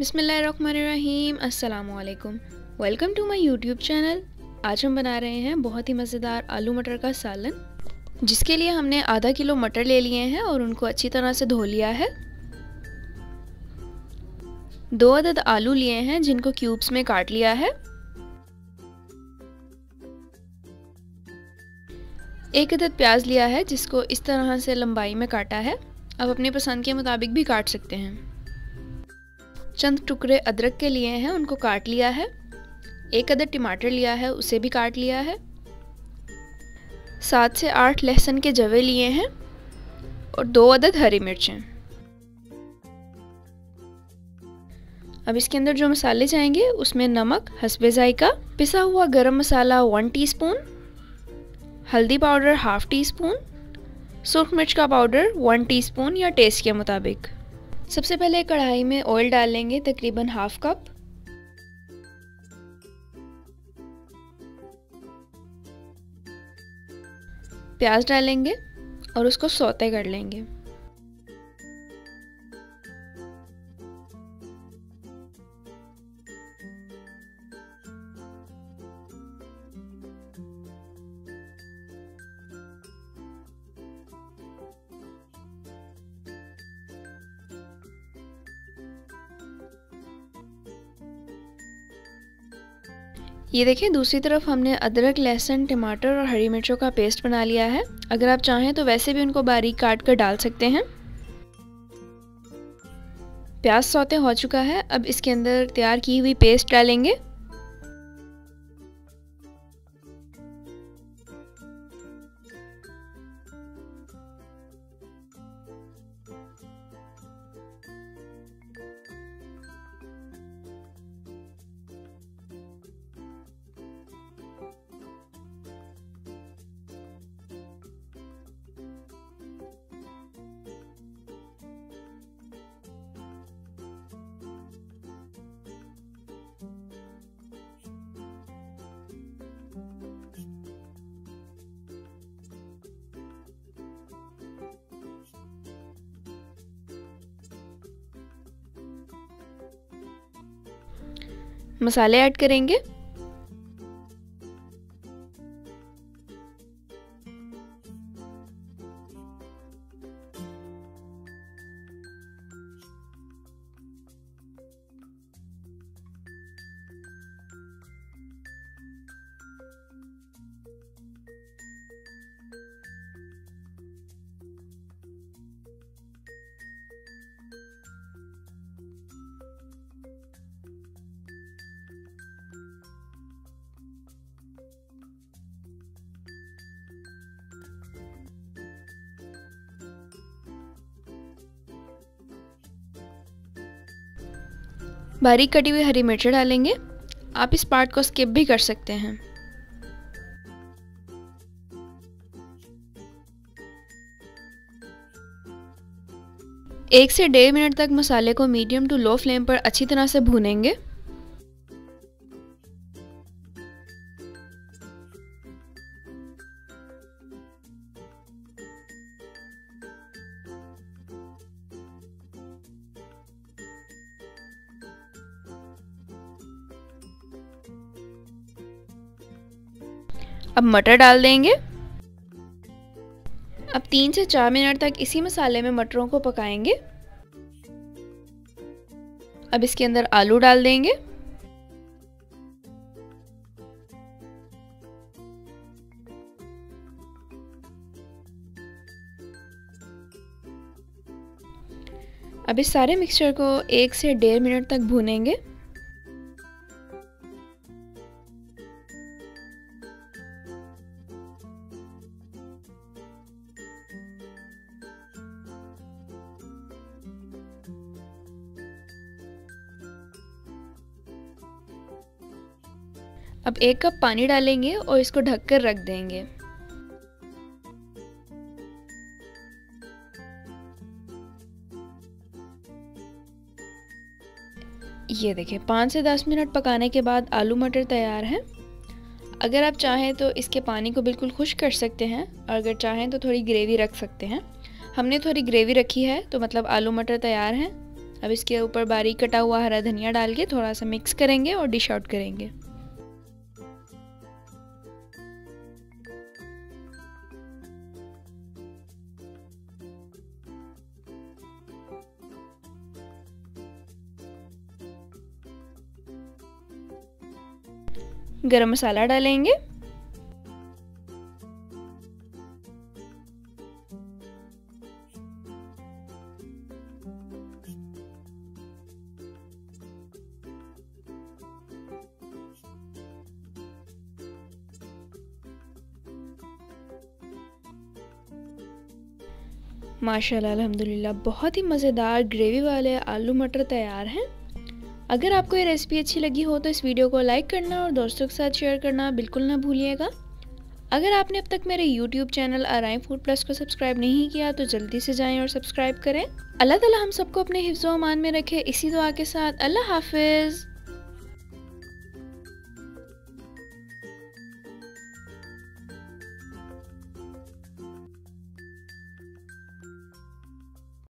अस्सलाम वालेकुम welcome to my YouTube channel आज हम बना रहे हैं बहुत ही मज़ेदार आलू मटर का सालन जिसके लिए हमने आधा किलो मटर ले लिए हैं और उनको अच्छी तरह से धो लिया है दो अदद आलू लिए हैं जिनको क्यूब्स में काट लिया है एक अदद प्याज लिया है जिसको इस तरह से लंबाई में काटा है आप अपनी पसंद के मुताबिक भी काट सकते हैं चंद टुकड़े अदरक के लिए हैं उनको काट लिया है एक अदर टमाटर लिया है उसे भी काट लिया है सात से आठ लहसुन के जवे लिए हैं और दो अदद हरी मिर्चें अब इसके अंदर जो मसाले जाएंगे उसमें नमक हसबे जायका पिसा हुआ गरम मसाला वन टीस्पून, हल्दी पाउडर हाफ़ टी स्पून सूर्ख मिर्च का पाउडर वन टीस्पून या टेस्ट के मुताबिक सबसे पहले कढ़ाई में ऑयल डाल लेंगे तकरीबन हाफ कप प्याज डालेंगे और उसको सौते कर लेंगे ये देखिए दूसरी तरफ हमने अदरक लहसुन टमाटर और हरी मिर्चों का पेस्ट बना लिया है अगर आप चाहें तो वैसे भी उनको बारीक काट कर डाल सकते हैं प्याज सौते हो चुका है अब इसके अंदर तैयार की हुई पेस्ट डालेंगे मसाले ऐड करेंगे बारीक कटी हुई हरी मिर्च डालेंगे आप इस पार्ट को स्किप भी कर सकते हैं एक से डेढ़ मिनट तक मसाले को मीडियम टू लो फ्लेम पर अच्छी तरह से भूनेंगे अब मटर डाल देंगे अब तीन से चार मिनट तक इसी मसाले में मटरों को पकाएंगे अब इसके अंदर आलू डाल देंगे अब इस सारे मिक्सचर को एक से डेढ़ मिनट तक भूनेंगे अब एक कप पानी डालेंगे और इसको ढककर रख देंगे ये देखिए पाँच से दस मिनट पकाने के बाद आलू मटर तैयार हैं अगर आप चाहें तो इसके पानी को बिल्कुल खुश कर सकते हैं और अगर चाहें तो थोड़ी ग्रेवी रख सकते हैं हमने थोड़ी ग्रेवी रखी है तो मतलब आलू मटर तैयार हैं अब इसके ऊपर बारीक कटा हुआ हरा धनिया डाल के थोड़ा सा मिक्स करेंगे और डिश आउट करेंगे गरम मसाला डालेंगे माशाल्लाह अल्हम्दुलिल्लाह बहुत ही मज़ेदार ग्रेवी वाले आलू मटर तैयार हैं अगर आपको ये रेसिपी अच्छी लगी हो तो इस वीडियो को लाइक करना और दोस्तों के साथ शेयर करना बिल्कुल ना भूलिएगा अगर आपने अब तक मेरे YouTube channel RI food plus को सब्सक्राइब नहीं किया तो जल्दी से जाएं और सब्सक्राइब करें अल्लाह ताला हम सबको अपने हिफ्ज़ो अमान में रखे इसी दुआ के साथ अल्लाह हाफिज़